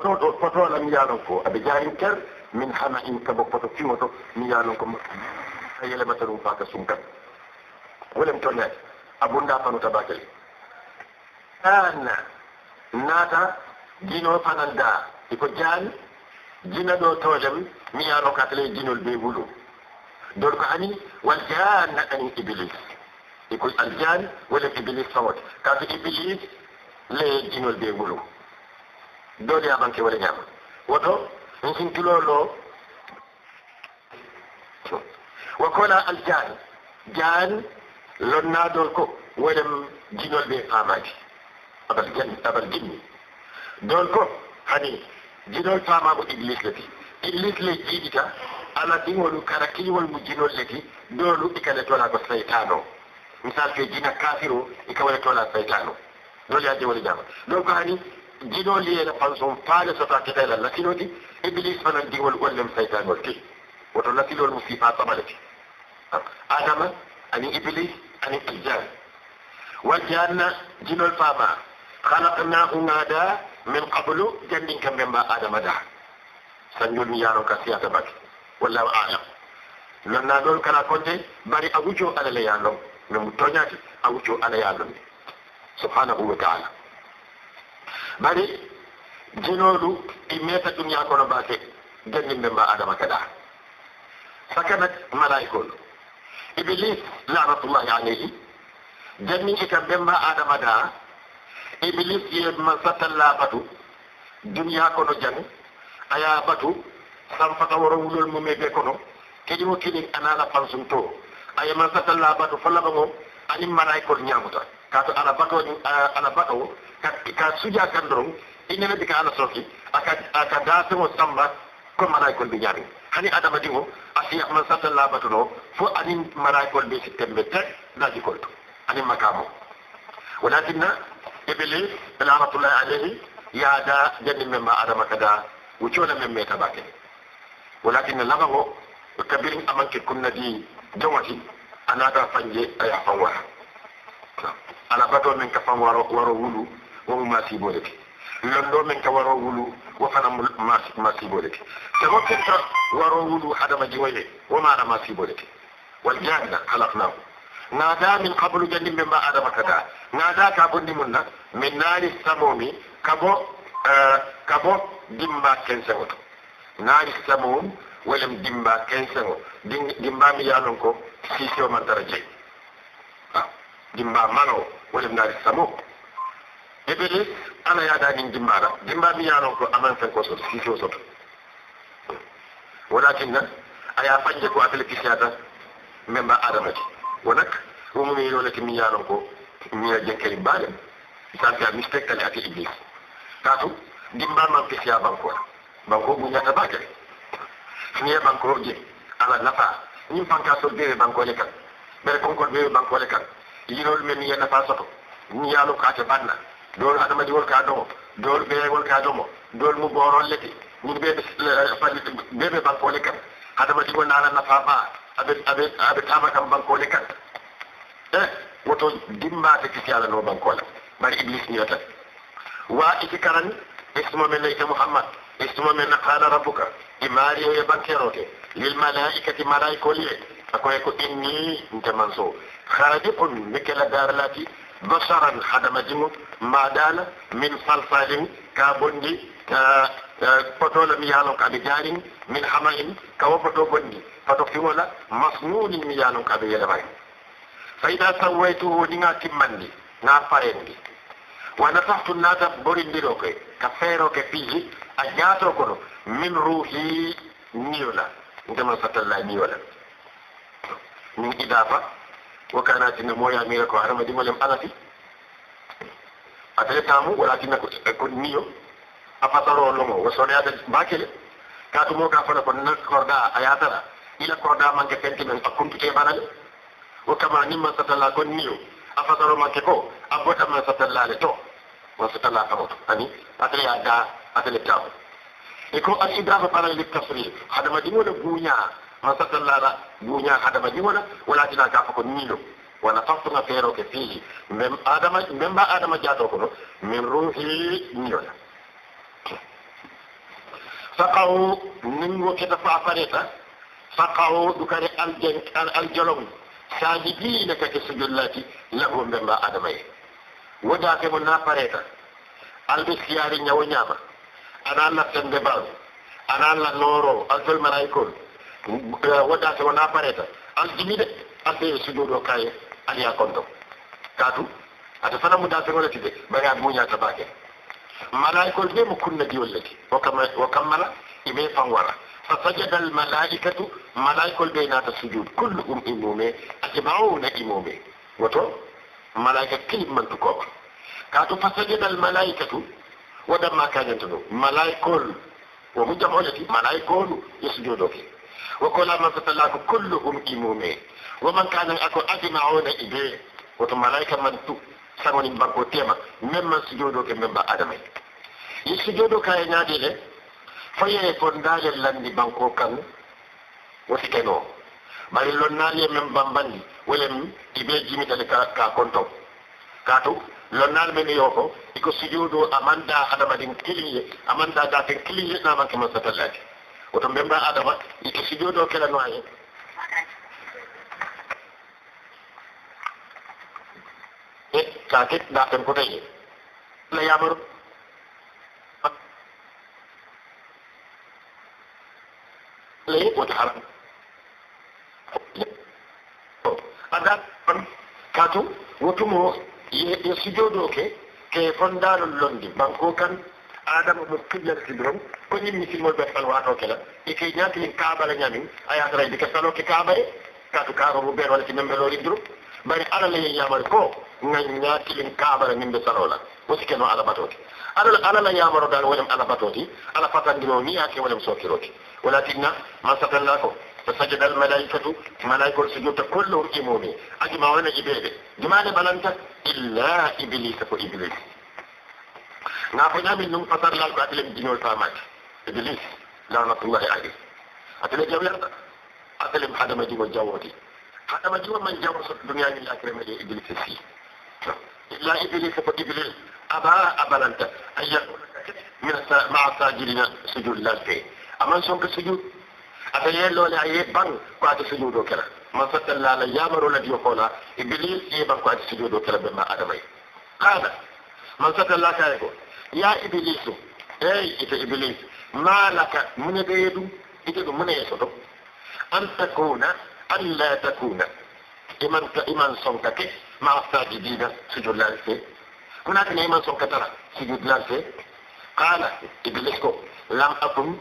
toɗo fotola mi yaalon ko aɓe jayin ker min hama in kabo foto timoto mi yaalon ko a yelemata ɗum faka sunkat wolem toñaade abunda fanu tabakele anna naata jino fananda iko jaani jina ɗo toojam mi yaano katale jinol be wulu dol ko ani wal jaanna ani iblis iko al jaani wolem iblis fawat kato iblis le jinol be wulu doole amanke wala ñaama woto min hintulolo wa kola aljan jan lonnaadol ko walem jinol ɓe paamaadi abal jan abal jinni don ko hani jinol paamaago iblis leti iblis le jiiɗita ala ɗiŋolu kara kiliwol mu jinol leti doolu ika le tolaako seytan o misal fe jina kafir o ika wala tola seytan o doole adde wala ñaama donc hani جلو لي لفانسون فال ستاكي لا لكنو دي إبليس من الدي والولم سيطان والكي وتلكي له المصيبة طبالك آدم أني إبليس أني إجان وجانا جنو الفاما خلقناه نادا من قبل جن كم بما آدم دا سنجل ميارو كسيات بك ولا أعلم لن نقول كنا كنت بري أوجو على ليانو نمتونياتي أوجو على ليانو سبحانه وتعالى mari jinoɗu ɗi meta ɗum yakono mbate gandinɓe mba adama kada sakanak malaikol iblis lanatullahi aleyhi gandin e kam ɓe mba adama da iblis yema satalla batu ɗum yakono jan aya batu sanfata woro wulol mume ɓe kono keƴimo kinin anala pansum to ayema satalla batu fallaɓa ngo anin malaikol ñamuta kaatu ala bato ala bato ka suja kan doron inyana dika ala soki aka aka dasa mo samba ko malaikol bi nyari hani adama dingo asi ahmad sallallahu alaihi wasallam fo ani malaikol bi sitembe tek na dikol ani makamo walakinna iblis rahmatullahi alayhi ya da janni memma adama kada wucola memme tabake walakinna labago kabirin amanke kunna di jawati anata fanje aya fanwa ala bato men ka fam waro waro wulu wo mu masibo le ke londo men ka waro wulu wo fana masibo le ke te wo kenta waro wulu hadama jiwoye wo maana masibo le ke wal janna halaknahu naada min qablu jandim ɓe mba adama kata naada ka bonndi mum na mi naari samomi kabo kabo dimba quinze o to naari samom walem dimba quinze o dimbami yanon ko sisio man tara jeyi dimbamano o ولم نار السموم إبليس أنا يا دانين جمارة جمارة يانو كو أمان سنكو سوت سيسو سوت ولكن أيا فجكو أفل كسياتا مما آدمتي ونك ومني ولك ميانو كو ميا جنكري بالم سانتا مستك تلي أتي إبليس كاتو جمارة من كسيا بانكو بانكو بنيا تباكري سنيا بانكو جي على نفا نيم بانكا سوت بيري بانكو لكا بيري كونكو بيري بانكو لكا yirol men yana fa soto ni yalu ka te banna dol adama di wol ka domo dol be wol ka domo dol mu borol leti ni be be be banko le kan adama di gonna na fa ba abe abe abe tama kam banko le kan eh woto dimma te ki yalla no banko la bari iblis ni yota wa itikaran ismu min layka muhammad ismu min qala rabbuka imari ya bankerote lil malaikati malaikoliye akoye ko inni nte manso khaliqun mikela darlati basaran hadamadimu madala min salsalin ka bondi potola mi yalon ka jarin min hamain ka wofoto bondi fato fiwola masnunin mi yalon ka be yelabay fa ida sawaituhu dinga timmandi na parendi wa nasahtu nata borindiro ke ka fero ke fiji a jato kono min ruhi niyola ndema satalla niyola من إضافة وكانت النموية ميلك وعرم دي ولم ألفي أتيتامو ولكن كن نيو أفتروا لهم وصولي هذا باكل كاتو موكا فنكون نكوردا أياتنا إلى كوردا من كنت من أكنت تيبانا وكما نما ستلا كن نيو أفتروا من كيكو أبوتا من ستلا لتو وستلا كموتو أني أتلي أدا أتلي تامو يكون الإضافة على التفريق هذا ما دي مولا بويا fasatallara duña hadama jiwona walatina ka fo ko niilo wona fartuga feero ke fiihi mem adama mem mba adama jaato kono min ruhi niyola sakaw ningo keta fa fareta sakaw ɗukare aljen aljolom sajidina kake sujullati lahu mbe mba adama ye wodake mo na fareta alɓe siyaari ñawo ñaama ana allah sembe baaru ana allah nooro alfel maraykol wodata wona pareta aljini de alde sujuudo kaye aliya konto kaatu ata fana mudafeŋo leti de bari a muñata baake malaikol be mo kunna diwol leti wo kammala ime fan wara fa sajada almalaikatu malaikol be naata sujud kulluhum imume ajmauna imume woto malaika kilimmantu kooma kaatu fa sajada almalaikatu wodanma kañanta ɗum malaikol womu jam o leti malaikolu yo sujuudo ke وكل ما ستلاك كلهم إمومي ومن كان أكو أجمعون إليه وتملايكة من تو سمون بكو تيما مما سجودو كمبا آدمي يسجودو كاي نادي لي فيه فندال لندي بانكو كان وسكنو bari lon naali men bambandi wolem ibe jimitale ka ka konto kaatu lonnal men yo ko iko sujudu amanda adama din kiliye amanda da ten kiliye na man kama satallati woto mbemba adama ito si joɗo kelano hen e kake daten ko tayi la yamaru lay woto haram ada on katu wotumo ye si joɗo ke ke fondalol londi banko kan adama mo kibla kibrom ko ni misilmol ɓe salwato kela e key ñatini kaabala ñamin a yataray dika salo ke kaabare katu kaaromo ɓen wala ti membeloori drum bari ala laye ñamari ko ñatilin kaabala min ɓe salola wosi keno ala batoti ala ala la yamaro dal wolem ala batoti ala fatandino ni yake wolem sokiroti walakinna man satalla ko فسجد الملائكة ملائكة السجود كلهم إمومي أجمعون إبيده جمال بلنت إلا إبليس فإبليس نحن نعمل نم قطر لك بعد لم دينو الفامات إبليس لا نصر الله عليه أتلا جاو يرد أتلا حدا ما جيو جاوتي حدا ما جيو من جاو سوى الدنيا من الأكرم لي إبليس سي إلا إبليس فإبليس أبا ما أدمي هذا ما فتل لا كايكو يا إبليس أي إبليس ما لك من غير إذا من يسر أن تكون أن لا تكون إيمان إيمان صمتك مع الساجدين سجود لله هناك إيمان صمتك ترى سجود لله قال إبليس لم أكن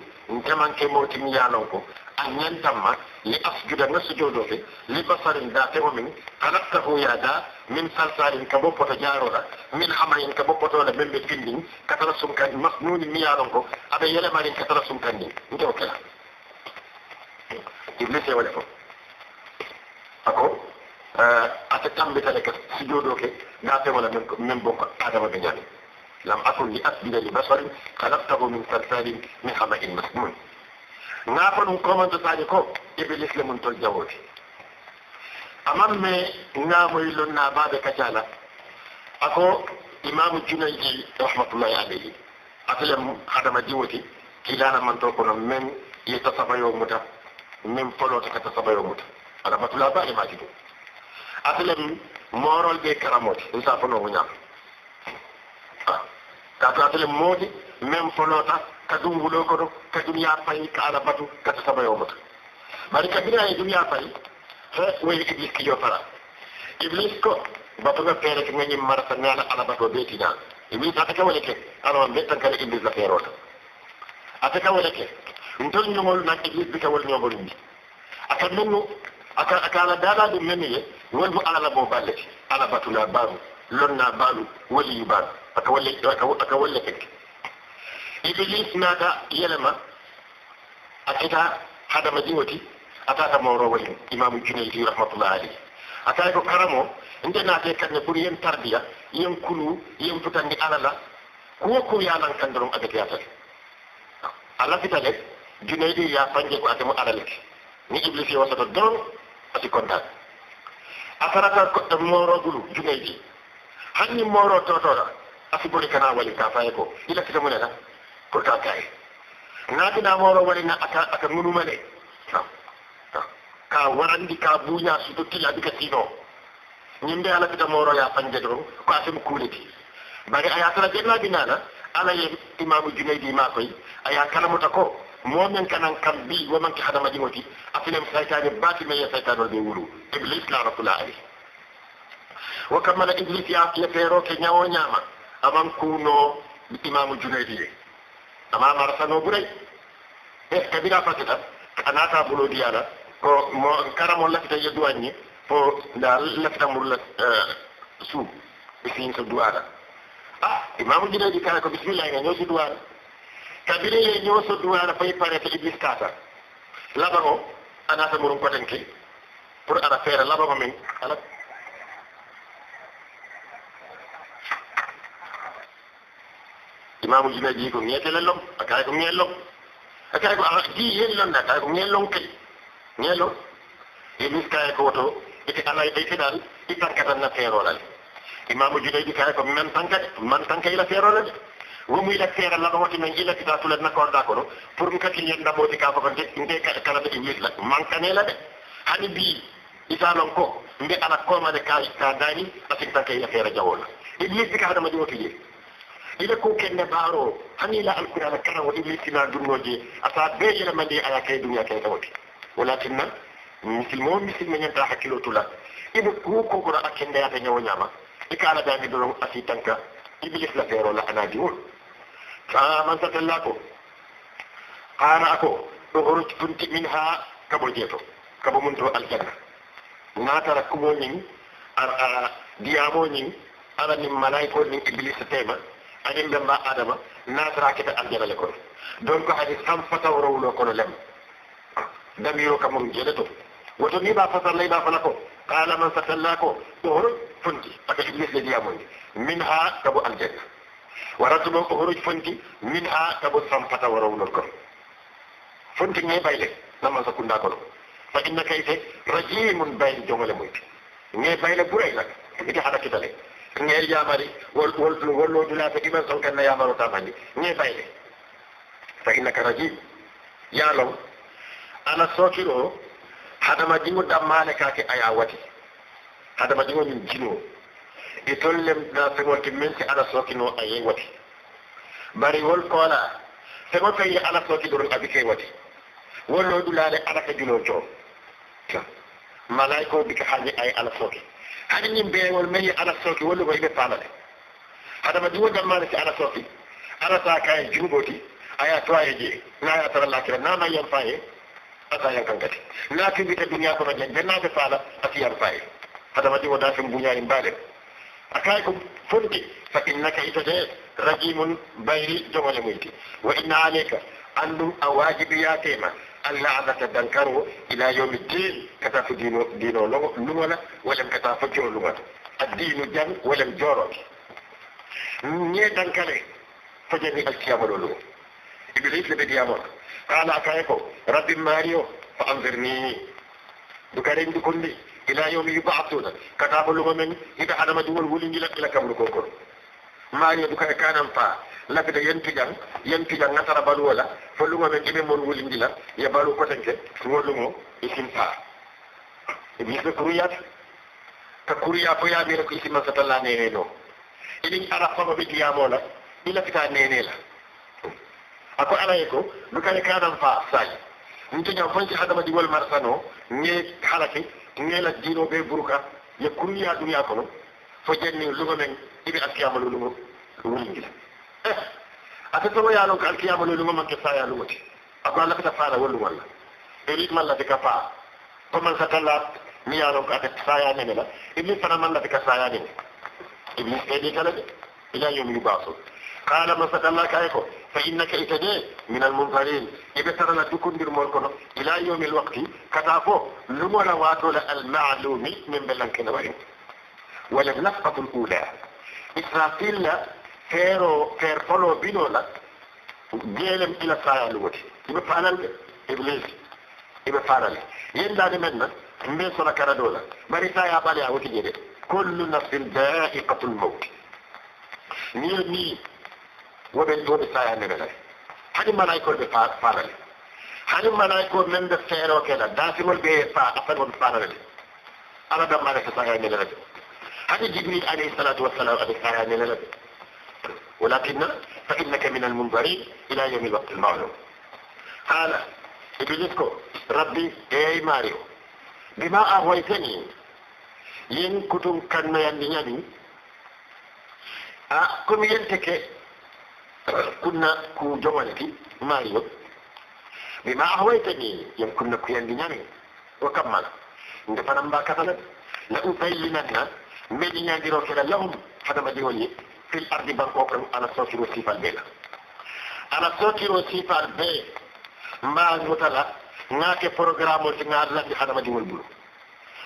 كما كموت ميانوكو أن تم لأسجد نسجود في لبصر ذات ومن خلقته يدا من صلصال كبوبة جارورة من حمر كبوبة ولا من بفل كترسم كان مخنون ميارنكو أبي يلمر كترسم كان انتو كلا إبليس يولفو أكو آه، أتتنبت لك سجودك ذات ولا من بوك آدم بن لم أكن لأسجد لبصر خلقته من صلصال من حمر مسنون nafan hukumanto saji ko ibilis le mun tol jawoti amam me ngamoyilon na baɓe kacala ako imamu junayji rahmatullahi alayhi atayam hadama diwoti kilana manto kono min ye tasabayo muta min folota ka tasabayo muta rahmatullah baɗe maji ɗum atayam morol ɓe karamoti ɗum sa fonowo ñam kato atayam moodi min folota ka dum hulo ko do ka duniya fayi ka ala batu ka ta sabayo mutu bari ka bina e duniya fayi he woni iblis ki yo fara iblis ko batu ga fere ki ngani marata ngana ala batu be tina iblis ata ka woni ke ala on be tan kala iblis la fero ata ka woni ke ntol nyongol na iblis bi ka woni nyongol ni aka mennu aka aka ala dala dum menni ye wol mu ala la bo balle ala batu la baru lonna balu wali yubar aka wali aka wali ke iblis nata yelema akita hadama diwoti ataka mawro wali imam junaydi rahmatullahi alayhi atay ko karamo nde naate kadne ɓuri yen tarbiya yen kulu yen futandi alala kuwo ko yanan kan dorom agatiyatale a lafitale junaydi ya fanje ko atemo alaleke ni iblis wasata dorom ati kontan a tarata koɗɗo morogulu junaydi hanni moro totoɗa asi ɓuri kana wali ka faye ko ila kita munena ko ta kai na ta da moro wani na aka aka munu mane ka warandi ka bunya su to tilla dika tino nyinde ala ta moro ya fanje do ko asim kuliti bari aya tara jenna binana ala ye imamu junaidi ma koy aya kala mota ko momen kanan kam bi woman ki hadama jingoti afinem saytani bati me saytanol be wuru iblis la rabbula alayhi wa kammala iblis ya ya fero ke nyawo nyama aman kuno imamu junaidi ama marasano buray e kabira fakita anata bulo diyala ko mo karamo lafita yeddu anni fo nda lafita mulla su bisin so duwala ah imamu jinaji kala ko bismillah nga ñoso duwala kabire ye ñoso duwala fay pare to iblis kata labango anata murum patanki pour ara fere labango min ala imamu jime ji ko miyete lellom akay ko miyellom akay ko ji yellon akay ko miyellon kay miyello e miskaye ko to ite ala e ite dal i tankatan na feerolal imamu juneydi kay ko men tankat man tanka ila feerolal womu ila feera la wati men ila kita tulat na korda ko pour mi kati yen ndaboti ka fakon de inde kala be wisla mankane la de hani bi isalon ko mbe ala ko ma de ka ka dani asin tanka ila feera jawola iblis ka hada ma joti je ila ko kenne baaro hani la alqur'ana kana wadi li tina dunnoje ata be yela mande aya kay dunya kay tawti walakin na muslimo muslimo nyanta hakilo tula ibe ko ko ko akende ya tanyo nyama ikala da mi do asi tanka iblis la fero la anadi wol fa man satalla ko qara ko ukhruj kunti minha kabo jeto kabo munto aljanna na tara kubo nyin ar diamo nyin ala ni malaiko ni iblis tema ani ɓe mba adama natorake to aljana le kono donc hadi tan fataw rowlo ko lem damiro ka mum jeɗe to woto ni ba ɓa fasarlayɓa fana ko qala man satalla ko ko hono fonti aka iblis le ndiyamondi minha ha kabo aljanna waratu ɗo ko horuj fonti min ha kabo tan fataw rowlol kono fonti ñe ɓayle naman sakkunda kono fa inna kayte rajimun bayn jomale moy ngay bayle buray nak iti haɗa kitale ngeel jaamari wol wol wol lo dula ta kiman son kan na yamaro ta mani ne fayle fa innaka rajim ya law ana sokiro hadama jingo ka ke aya wati hadama jingo min jino e tollem da fegol ci ana sokino aye wati bari wol fe fego feyi ana soki ɗoron abike wati dula dulade ana ka jino jo malaiko bika hañi ay ana soki hanyin be wal mai ala soki wala bai be falale hada ma duwa gamma ki ala soki ala sa kai jingoti aya to aya je na ya tara lakira na ma yan faye ata yan kankati na kin bi ta duniya ko rajan janna ta fala ati yan faye hada ma duwa da fin bunya rin bale akai ko funti fa innaka itajay rajimun bayri jawal muyti wa inna alayka andu awajibi ya tema اللعنة تنكروا إلى يوم الدين كتاف دينو دينو لغولا ولم كتاف جو لغولا الدين جن ولم جورك نيه تنكره فجر القيامة لغولا إبليس لبدي أمر قال أكايكو رب ماريو فأنظرني دكارين دكولي إلى يوم يبعثون كتاف لغولا من إذا أنا مدول ولي نجلق لك أمر كوكور ماريو دكار كان أمفا yeen yen yeen yen na tara balu wala follugo ɓe ɗiɓe mon wulindila ya balu kotenke wollugo e ya ya simpaa e kuriya kuruyat ka kuruya fo yamira ko isiman so ne do e ni ara fama ɓe ɗiyamola ɗila fita nenela ako alaye ko ka dal fa saji fon ci adama di wol marsano sano ne halake la dino ɓe buruka ye kuruya duniya kono fo jenni lugo men ya lu askiyama lulugo wulindila أتتوى يا لوك الكيام لولو من كفا يا لوك أقول لك تفعل ولو ولا إليك من لدي كفا فمن ستلا ميا لوك أتكفا يا نملا إبليس فنا من لدي كفا يا نملا إبليس إيدي كالدي إلى يوم يبعثون قال من ستلا كايكو فإنك إتدي من المنظرين إبتر لا تكون بالمركنا إلى يوم الوقت كتافو لمولا واتو المعلوم من بلنكنا وإن ولا نفقة الأولى إسرافيل kero ker folo bido la gelem ila fayal woti ibe fanal iblis ibe fanal yenda de men nak mbe sona kara do la bari sa ya bali woti jede kullu nafsin dha'iqatul maut ni ni wobe do de sa ya ne bela hadi malaiko be fanal hadi malaiko men de fero kala dasimol be fa afal won fanal ala da malaika sa ga ne la hadi jibril alayhi salatu wassalam abe sa ya ne la ولكن فإنك من المنظرين إلى يوم الوقت المعلوم قال إبليسكو ربي أي ماريو بما أغويتني ين كتم كان ما يندني أه كم ينتك كنا كو جوالتي ماريو بما أغويتني ين كنا كو يندني وكمل إن فنم اطيل لنا من ينادروا كلا لهم هذا ما ديوني في الأرض بالقبر على صوت وصيف البيت على صوت وصيف البيت ما المتلا ناكي فروغرام وتنار لدي حدما دي ملبولو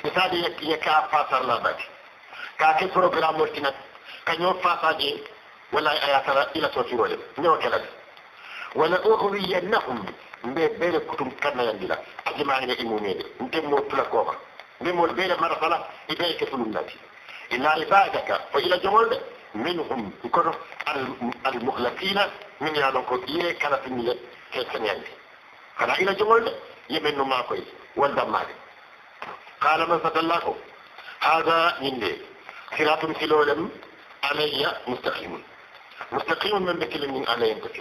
مثال يكا يك فاسر لابد كاكي فروغرام وتنار كان يوم فاسر دي ولا يأتر إلى صوت وصيف نوك لدي ولا أغوي ينهم مي بيل كتم كنا يندلا أجمعين إمومين نتم موت لكوبر مي مول بيل مرسلا إبايك إلا عبادك فإلى جمال منهم كل المغلقين من يالو كو يي كانت ني كيتنيان كان الى جمل يمنو ماكوي ولد مال قال ما فتلاكو هذا من لي صراط في لولم علي مستقيم مستقيم من بكل من علي بك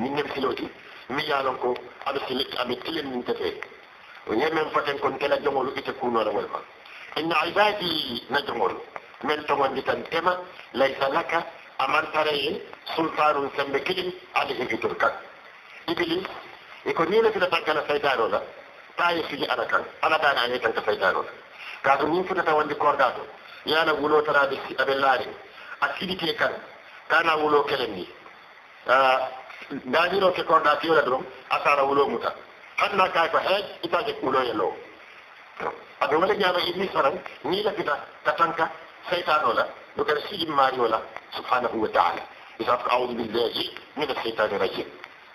من نبي لوتي مي يالو كو ابي سلك ابي تلم من تفي ويمن فتن كون كلا جمل كيتكونو ولا ولا ان عبادي نجمل من تغنجتن إما ليس لك أمر تري سلطان سمكين عليه بتركا إبليس يكون نيلة في لتنكنا سيدانونا تاي سيجي أنا كان أنا دانا أني تنك سيدانونا كاتو نين في لتواني كورداتو يانا ولو ترى بسي أبلاري أكيدتي كان كان ولو كلمني آه دانيرو كورداتي ولا دروم أسارة ولو متا حنا كايكو هيك إتاجك ولو يلو أدو ولا جانا إبليس فرن نيلة في لتنكنا الشيطان ولا ذكر سيدنا ماري ولا سبحانه وتعالى إذا أعوذ بالله من الشيطان الرجيم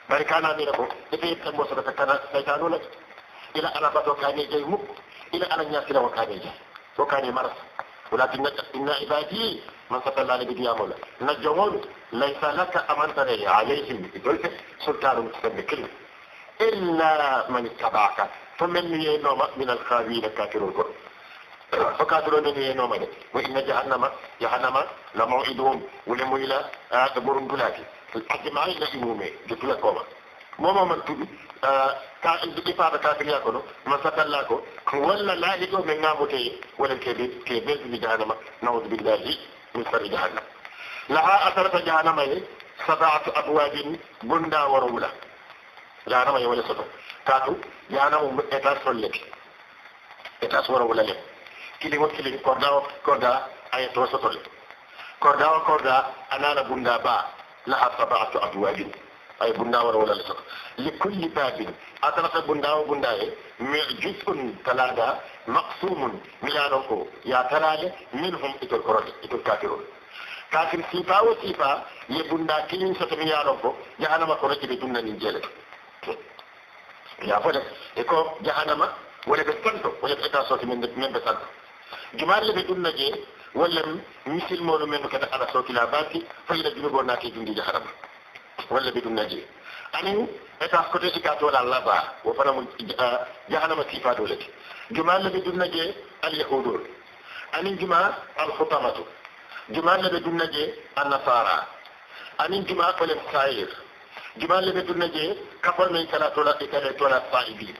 ما كان أميركم إذا يبقى موسكة كان الشيطان ولا إلى أنا بطو كان يجي مك إلى أنا الناس لو كان يجي وكان يمرس ولكن إن عبادي من سبب الله نبي ديام ولا نجمون ليس لك أمانتنا عليهم يقول سلطان مستمر كله إلا من اتبعك فمن ينوم من الخاوين الكافرون كله فكاتلو دنيا نومي وإن جهنم جهنم لموعدهم ولموي لا أكبر بلاتي الحجم عين لا يمومي جتلا كوما موما مكتوب آه، كائن بإفادة كافر يأكلو ما سكال لكو ولا لا يجو من نامو تي ولا كبير كبير في جهنم نعوذ بالله من سر جهنم لها أثرت جهنم سبعة أبواب بندا ورولا جهنم يولي سطو كاتو جهنم إتاس ولك إتاس ورولا لك kilimot kilim korda o korda aya to sotole korda o korda anana bunda ba laha sab'atu abwabin ay bunda wala wala sok li kulli babin atana bunda o bunda e juz'un talada maqsumun milano ko ya talade minhum itul korode itul kafirun kafir sifa o sifa ye bunda kilin soto milano ko jahanama ko rokki be dunna nin jele ya fode e ko jahanama wala be santo wala be ta soti min min be santo jumalle ɓe ɗum naje walla misilmoɗo men kadi hara sokila baki fayila junugo naati jundiji harama walla ɓe ɗum naje anin eta koteji ka tola laba wo fana mo jahanama sifa dolete jumalle ɓe ɗum naje alyahudol anin juma alhutamatu jumalle ɓe ɗum naje annasara anin juma kolem sair jumalle ɓe ɗum naje kaformen kala tola ɗe kala tola saibide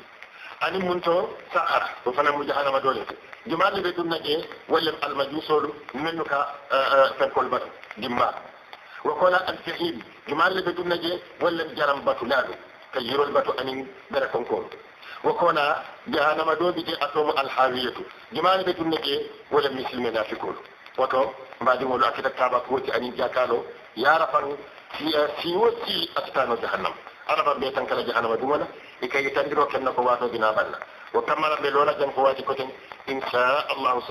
ani munto to sakar o fana mu ma dole te jumalle ɓe ɗum naƴe al almajusolu menu ka kol fenkol batu dimma wo kola aljahim jumalle ɓe ɗum naƴe wallem jaram batu laaɗu ka yirol batu anin ɓere konkolu wo kola jahannama doɓi je atomo alhawiyatu jumalle muslim na fi kol wato ba di wolu akita taba ko tabakoti ani jakalo ya rafaru si wo si akitano jahannama araba ɓe tan kala jahannam ɗum wona لكي yitandiro kenna قواته wato dina balla wo kammala ɓe loola jam ko waati koten inchallahu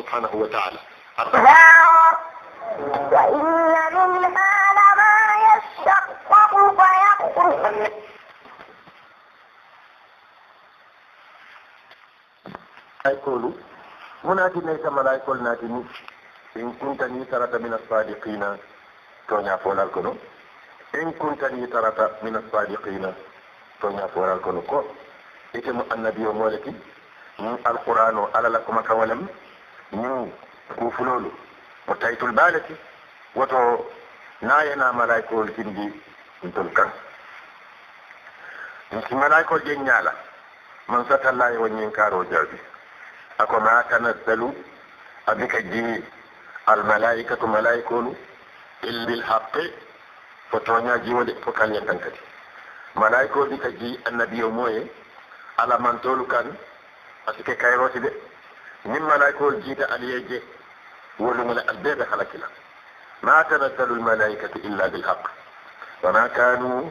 وإن منها لما يشقق فيقول مناتي ليس إن كنت من الصادقين تونيا إن كنت من الصادقين soñaato waral kono ko itemo annabi o mooleti alquran o alala koma kawolem min kuufuloolu mo taytul baaleti woto naayena malaykool jinndi ntol kan si malaykool ƴen ñaala man satallahi wonñin kaaroo jawdi ako ma tanazzalu abika ji almalaikatu malaykolu il bilhaqe fo tooñaaji wode fo kañen tan kadi malaiko di ka ji yo moye ala tolu kan kay roti de min malaikol jiita aliyeje wolumone albeɓe halakila ma tanazzalu lmalaikatu illa wa ma kanu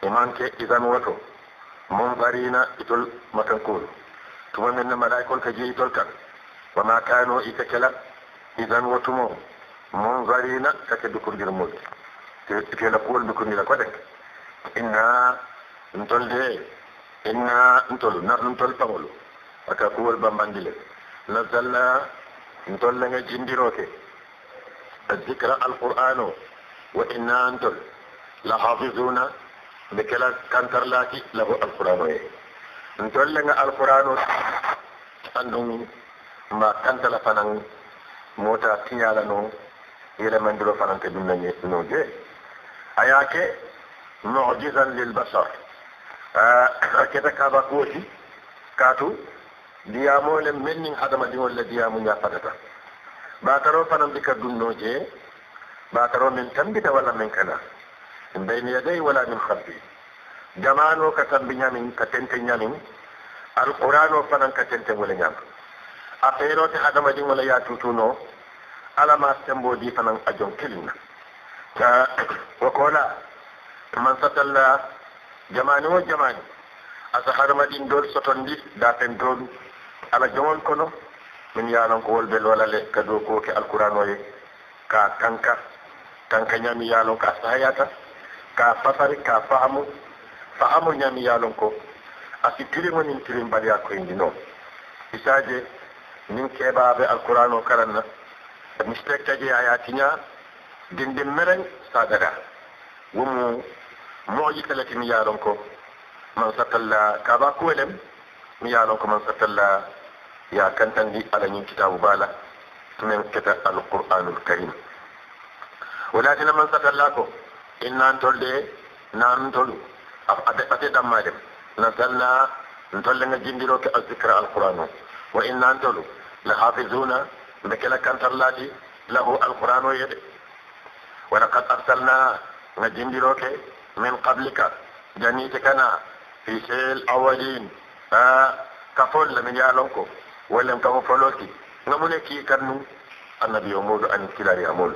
e manke isan woto munfarina itol matankolu tuma min ne malaikol ka jeeyi tol kan ma kanu ite kela isan wotumo munfarina dukur dukondir mulke ke ke la ko ɗeke inna ntol de inna ntol na ntol tawlo aka kuwol bambandile nazzalna ntol la nga jindiroke الذكر القرآن وإنا أنتم لحافظون بكلا كانتر لاكي له القرآن ntol le nga alqur'ano andum ma kantala fanan mota tiñala no yelemandiro fanante ɗum nañe no je ayake معجزا للبشر آه، كتك هذا كوشي كاتو ديامو لم من حدما ديو الذي يامو يفتتا باترو فنم بك دنو جي باترو من تنبت ولا من كنا من بين يدي ولا من خلفي جمانو كتنبنيا من كتنتنيا من القرآن فنم كتنتنيا من أفيرو تحدما ديو لا يتوتونو ألا ما سنبو دي فنم أجون كلنا ف... وقولا man satalla jamani o jamani asa harma ɗin dol soton ndi daten dolu alah jogol kono min yalon ko wolbel walale ka dow koke alquran oye ka tanka tanka ñami yalon ko asa hayata ka fasari ka faamu faamu ñami yalon ko asi tirimonin tirim mbaɗya koyndi e noon isaje min keɓaɓe alquran o karanna mistek tajeyaya tiña dindin meren saɗaɗa wumu moo yitale ki mi ye a lon ko man satalla kaba kuwo lem mi ye a lon ko man satalla ya kantandi ala ñin kitabu bala men keta alqur'anul karim walatina man satalla ko innantol de nantolu ate damma dem nasalna ntolle nga jindiro ke azikra alqur'an o wa innantolu la hafizuna mbe kela kantallati lahu alqur'an o yede walaqad arsalna nga jindiro ke من قبلك جنيتك أنا في شيء الأولين كفول من يالونكو ولم كفلوكي نمونكي كنو النبي يمود أن كلاري أمول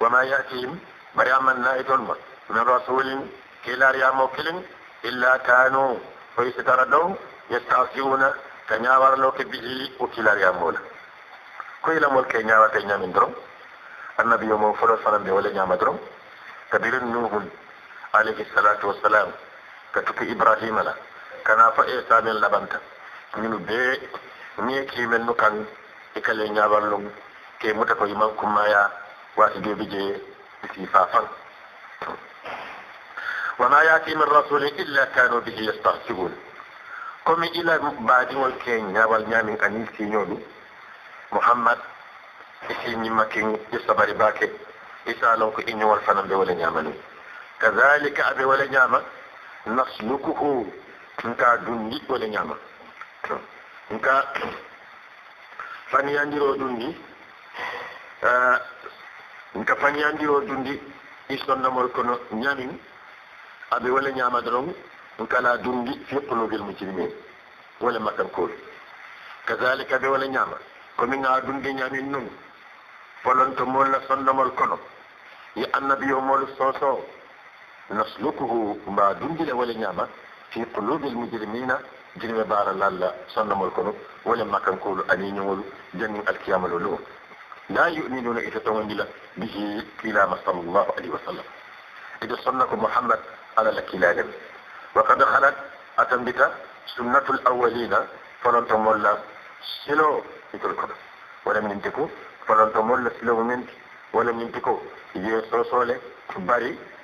وما يأتيهم مريم نائد من رسول كلاري أموكل إلا كانوا في فيستردون يستعصيون كنياور لوك به وكلاري أمول كل أمول كنياور كنيا من درم النبي يمود فلو صنم بيولي نعم درم كبير نوبل alaihi salatu wassalam ka tuka ibrahim la kana fa e eh samin labanta minu be ni ki men no kan ikale nya ballo ke muta ko iman kuma ya wa be bije sifafan wa ma yati min rasul illa kanu bihi yastahsibun kuma ila baadi wol ke nya nyamin ani ci nyodu muhammad makin nyimakin isabari bake isa lon ko wal fanan be wala nyamani kadhalika aɓe wala ñaama naslukuhu nka dundi wala ñaama nka faniyandiro dundi ah, nka faniyandiro dundi isonnamol kono ñamin aɓe wala ñaama doron nkala dundi fiqnugel mujrimin wala makankol kadhalika aɓe wala ñaama komin a dundi ñamin nun folonto molla sonnomol kono yo annabiyo mol soso نسلكه ما دنجل ولا نعمة في قلوب المجرمين جرم بار الله صنم الكنو ولما كان كول أنين جن الكيام لولو لا يؤمنون إذا تونجل به إلى ما صلى الله عليه وسلم إذا صنك محمد على لكلالم وقد خلت أتنبت سنة الأولين فلن الله سلو يقول ولم ينتكو فلن الله سلو منك ولم ينتكو يسوسولي باري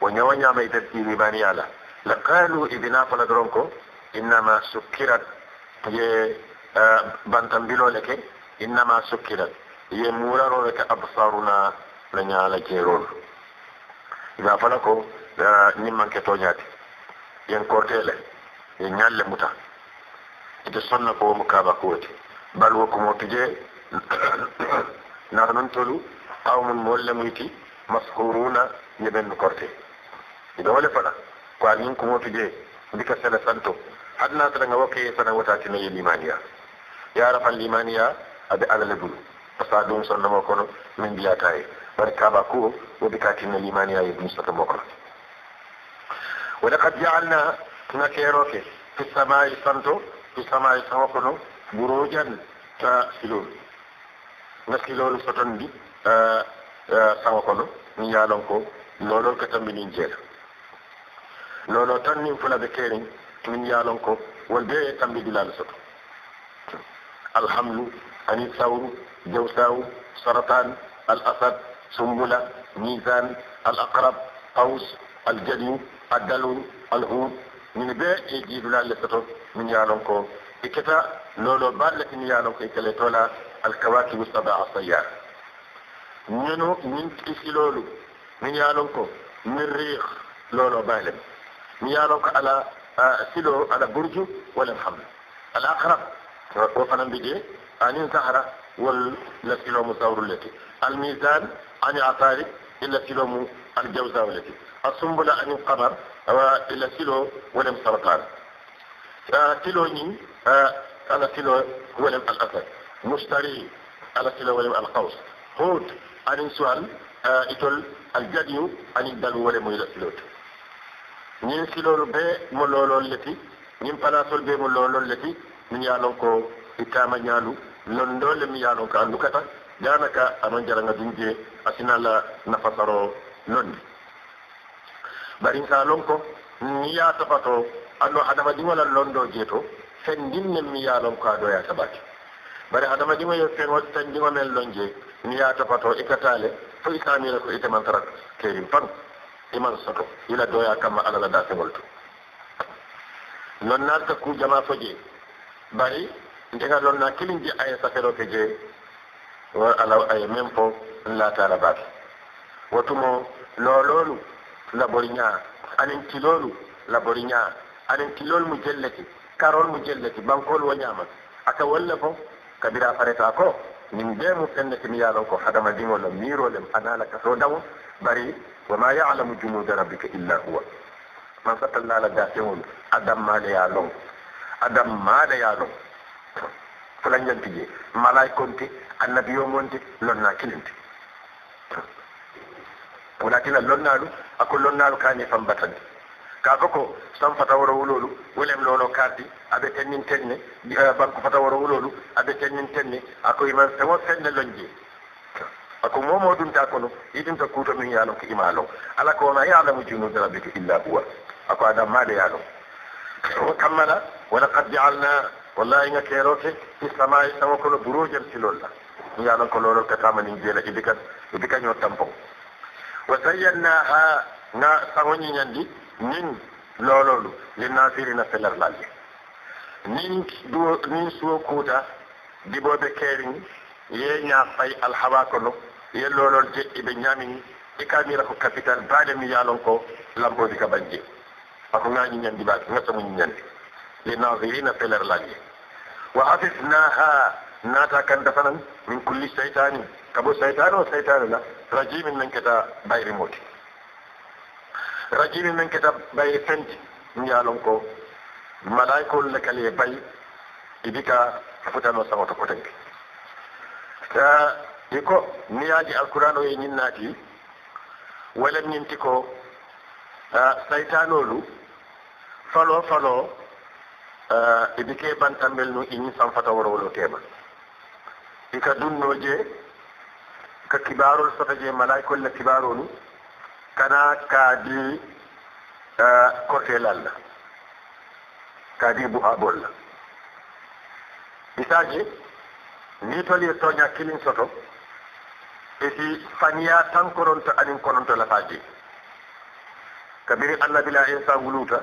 wo ñawo ñama ite tiimimaniya la la qalu ibina fana doron ko innama sukkirat ye bantambilole ke innama sukkirat ye murarole ke absaruna la ñaala jeerol ina fana ko nimmanke toñaati yen kortele ye ñalle muta ite sonna ko womo kaaba kuwoti bal wokkumo tuje natanun tolu qawmun mo wolle muyti maskuruna yeɓen korte ibe wani fara kwanin anin kuma tuje duka sana santo hadna tara nga wakke sana wata tinu yi limaniya ya rafa limaniya abi alal bulu sa dum son na makon min biya taye bar ba ko wodi ka tinu limaniya yi ta makon wadda ka biya an na na ke fi yi santo fi sama sawakono burujan ta silon na silon eh, eh, sama kuno ni yalon ko lolol ka tambinin jela لولو تنين فلا بكيرين من يالونكو والبيع كم بدلال سطو الحمل أني ثور جوثاو سرطان الأسد سنبلة ميزان الأقرب قوس الجدي الدلو الهود من بيع يجيدو لال سطو من يالونكو إكتا لولو بالك من يالونكو إكالتولا الكواكب السبع الصيار ñono ñin ci ci loolu ñu ñaanoon ko mi ميالوك على آه، سلو على برج ولا الحمل الأقرب وفنا بدي أن سهرة والسلو مصور التي الميزان أن يعطاري إلا سلو الجوزاء التي السنبلة أن القمر الا سلو ولم سرطان آه، سلو ني آه، على سلو ولم الأسد مشتري على سلو ولم القوس هود أن سؤال إتل الجدي أن الدلو ولم يلا ñin siloolu be mo loolol leti ñin palaasol be mo loolol leti min yaa lon ko ittaama ñaalu non doole mi yaa lon ko anndukata daanaka ama jaranga duñ je a sinala nafasaro nonni bari so a lon ko mi yaa tabato anno adama ɗimola londo je to fen ndinne mi yaa lon ko a doya tabake bari adama ɗima yo fen wat tan ndima men lon je mi yaa tabato ikkataale e fo isaamira ko itemantarat keerin pan iman soto ila doya kamma alala da feŋol to non naska ku jama fo je bari ndega lonna kilin je aye safero ke je wo ala aye meme fo nlatara baake wotumo loololu labori ña anin tilolu labori ña anin tilol mu jelleti karol mu jelleti bankol wo ñama aka walle fo kabira fareta ko min be mu fenneti mi yalon ko hadama dingolo mirolem anala kaso dawo bari wa ma yalamu junude rabbika illa huwa man fatallala dateol adam maɗa ya long adam maɗa ya long fulan ñanti je malay konte annabi yo monte lonna kilente wulatina lonnaɗu ako lonnaɗu kane fam batande kaka ko tan fataworo wulolu wulem lono kardi aɓe tennin tenne banque fataworo wulolu aɓe tennin tenne ako iman sewo fenne lonje ako momo ɗum ta kono yiɗinta kuuto min yaano ko ima lon ala ko wona yalamu junude rabbika illa huwa ako adam maɗe yaano kammana walaqad jaalna wallahi nga keeroke fi samai sawo kono burujan silolla mi yaanon ko lolol katamanin jeela ibi kan ibi kañoo tampon wa zayyannaha nga sawoñiñandi nin loololu linnafirina felerlalle nin du nin suwo kuuta diboɓe keerin ye ñaa fay alhawa kono yellolol je iɓe ñamin e kamira ko capital baade mi yaalon ko lamboji ka bañje ako ŋañi ñandi baade gasa mu ñandi li nasirina feler lañje wa hafisnaha naata kanta fanan min kulli seytani kabo seytane o seytane la rajimin men keta bayri moti rajimin men keta bayri fenti mi yaalon ko malaikol le kali e bayi ibi ka futano sagoto kotenke wi ko niyaaji alquran o e ñinnaati walem ñinti ko saytanoolu faloo faloo ebi ke bantammel nu iñi san fata worowolo teema i ka dunnoo jee ka kibaarol sota jee malaikol la kibaaroo nu kana kaadi kortelal la kaadi buhaabol la bisaaji ni toli e tooña kilin soto iti faniya tan koronto anin kononto lafaji kabiri allah bila insan wuluta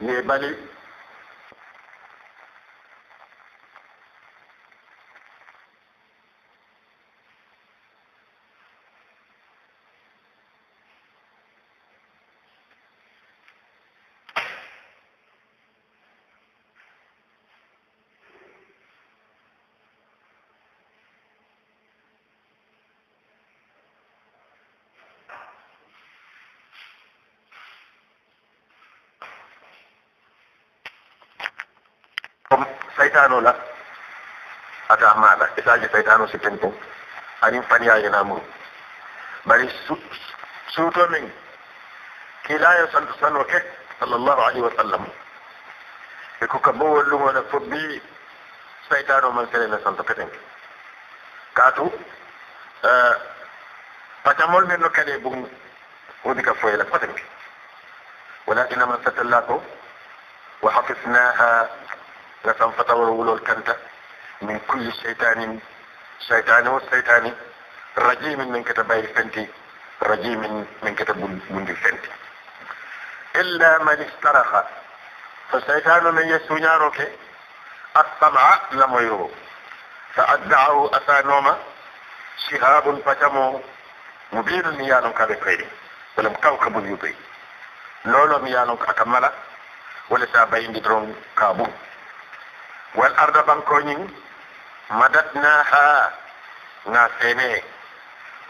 ne bali saytano la ata mala isaje saytano sikin to ani fanya yana mu bari su su to min kilaya santo sano ke sallallahu alaihi wa sallam e ko kabo wallu wala fobbi saytano man sele na santo keten katu eh patamol men no kale bum wodi ka foyela patamki ولكن من ستلاته وحفظناها لكن فتور ولول كنت من كل شيطان شيطان والشيطان رجيم من كتب أي فنتي رجيم من كتب من فنتي إلا من استرخى فالشيطان من يسونا روكي الطمع لميرو فأدعه أسانوما شهاب فتمو مبين ميانو كالفيري ولم كوكب يبي لولو ميانو أكمل ولسا بين درون كابو wal arda bankoñin madatnaha nga sene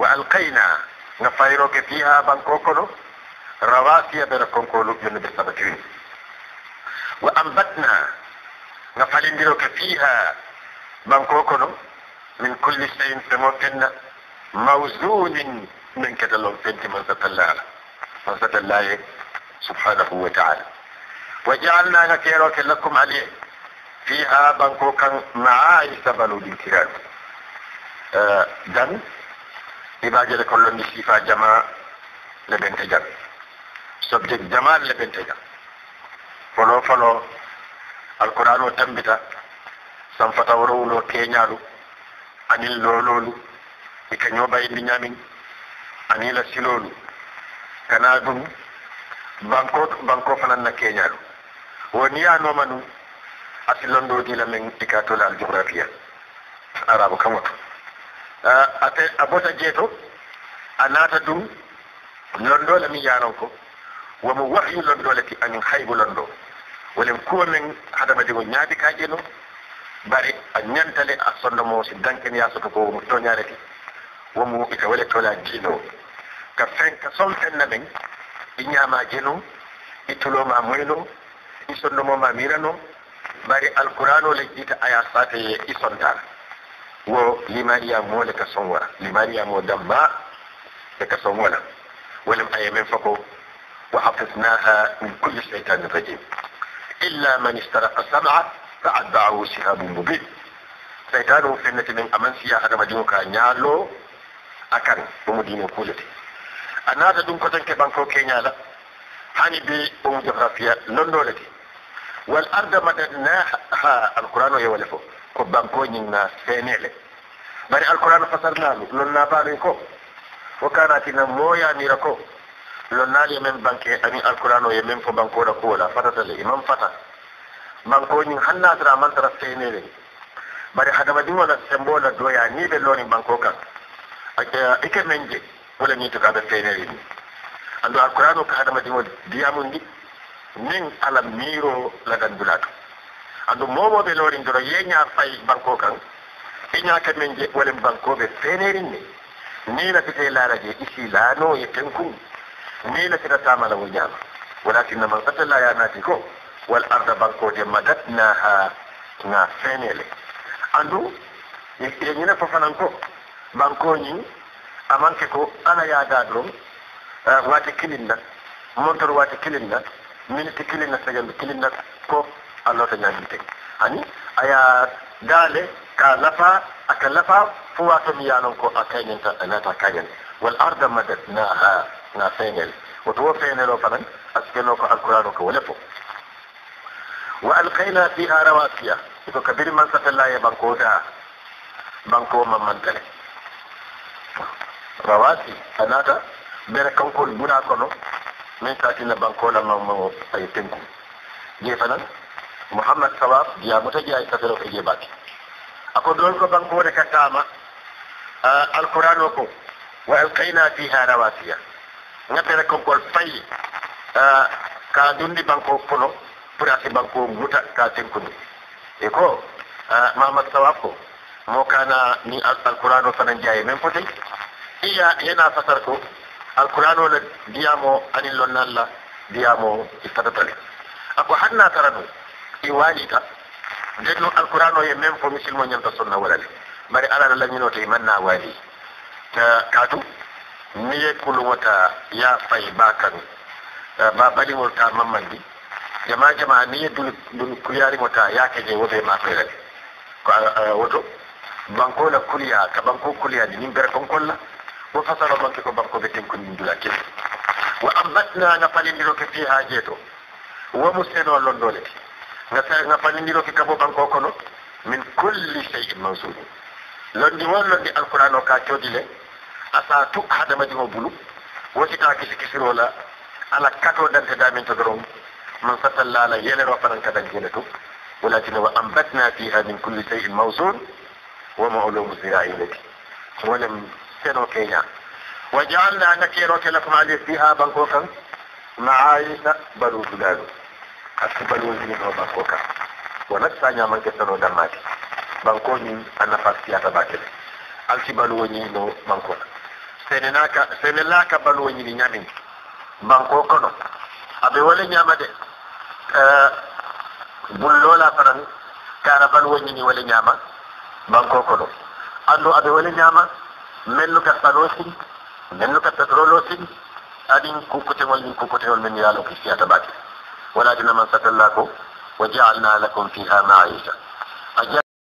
wa alqayna nga fayroke fiha banko kono rawasiya bera konkolu jonno ɓe sabatiwin wa ambatna nga falindiroke fiha banko kono min kulli cheyin femo fenna mawsunin min kedalon fenti man satallala man satallaye subhanahu wa taala wa jaalnaga keeroke lakkum alie fiha banko kan maayi sabalu ɗintiral dan ibajele kollondi sifa jama lebente jam subject jama lebente jam folo folo alquran o tambita sanfata worowulo keñalu anin lololu e kaño bayindi ñamin anila silolu kana ɗum banko banko fanan na keñalu woni yanoma ɗum asi londoji la min ikatola al jografia arabu kamoto ate a bota jeeto a naata dum londoole min yanon ko womo wahyu londoole ti amin haygo londo wonen kuwa min hadamadigo ñaadi kaaje no bari a ñantale a sonno mo si danken yasoto ko womo toñaare ti womo ita wale tola diino ka fen ka soltenna min i ñaama jeno i tuloma moyno i sonno mo ma mirano bari alkurano le jita aya sate ye isonta wo limariya mo le ka sonwara mo damma le ka ولم أي من فقو وحفظناها من كل شيطان رجيم إلا من استرق السمع فأتبعه شهاب مبين شيطان في النتي من أمن سيا أدم جوكا نيالو أكن ومدين كولتي أنا تدوم كتن كبانكو كينيالا هاني بي أم جغرافيا لندولتي والارض مددناها القران هو لف كوبان كوين نا سينيل بل القران فسرنا لنا باريكو وكاناتنا مويا نيركو لنا لي من بانكي اني القران هو من فبانكو دا كولا فتت لي من فتا بانكو ني حنا ترا من ترا سينيل بل حدا ما دينا سمبولا دويا ني بلوني بانكو كان اكيد منجي ولا ني تكاد سينيل اندو القران كحدا ما دينا ديامون دي, دي, دي, دي, دي, دي, دي, دي min ala miro la dandulatu andu momo be lorin doro yenya fay banko kan inya ka min je wala banko be fenerin ne ni la fite lara je isi lano ye tenku ni la fita tama la wunya walakin man qatala ya nati ko wal arda banko je madatnaha na fenele andu ye nyina fa fanan ko banko ni amanke ko ana ya dadrum wati kilinda montor wati kilinda miniti kiliŋ na sajambi kiliŋ na ko allota ñamin teŋ ani aya daale ka lafa aka lafa fo wato mi yalon ko a kañinta anata kañen wal arda madatnaha na feŋel woto wo feŋelo fanaŋ asikeno ko alqurano ko wole fo wa alkayna fiha rawasiya ito kabiri man satalla ye banko da banko mamantale rawasi anata bere kankol buna kono min katina bankola ma ay tenku je fanan muhammad sawab ya mutaji ay kafero ke je baki ako dol ko bankore ka tama alquran ko wa alqayna fiha rawasiya ngapere ko gol fay ka dundi banko fono pour ati banko muta ka tenku e ko muhammad sawab ko mo kana ni alquran fanan jaye men fotai iya yana fasar ko alqur'ano la diyamo ani lonnalla diyamo istatatale ako hanna taranu i walita denno alqur'ano ye men fo misilmo ñanta sonna walale bari alala lañinoto i manna wali ta katu ni ye kulumota ya fay ba kanu ba balimol ta mammandi jama jama ni ye dun dun kuyarimota yake je wobe ma feere ko woto banko la kuliya ka banko kuliya ni bere konkolla وفصل منك كبرك بكين كن دلاك وأمتنا نفل نروك في حاجته ومسلم اللون دولك نفل نروك كبو كونو من كل شيء موصول لون دي وان لون دي القرآن وكاتو دي لين أسا توق حدا ما دي مبولو وشتا كيس كيسر ولا على كاتو دان تدامين تدروم من سطى الله على يلي رفنا كذا جيلتو ولكن وأنبتنا فيها من كل شيء موصول ومعلوم الزراعي لك ولم كيرو كينا وجعلنا نكيرو كلكم عليه فيها بنكوكا معايشة بلوز دالو أكي بلوز دالو بنكوكا ونسا نعمل كسنو دماتي بنكوني أنا فاسياتا باكلي أكي بلوز دالو بنكوكا senela ka baluwo ñini ñamin banko kono aɓe wole ñama de bullola fanan kara baluwo ñini wole ñama banko kono andu aɓe wole ñama mennu ka sanosin mennu ka petrolosin adin kunkutewol min kunkutewol min yaalo ki siyata baake walakin man satallako wa jaalna lakum fiha maisha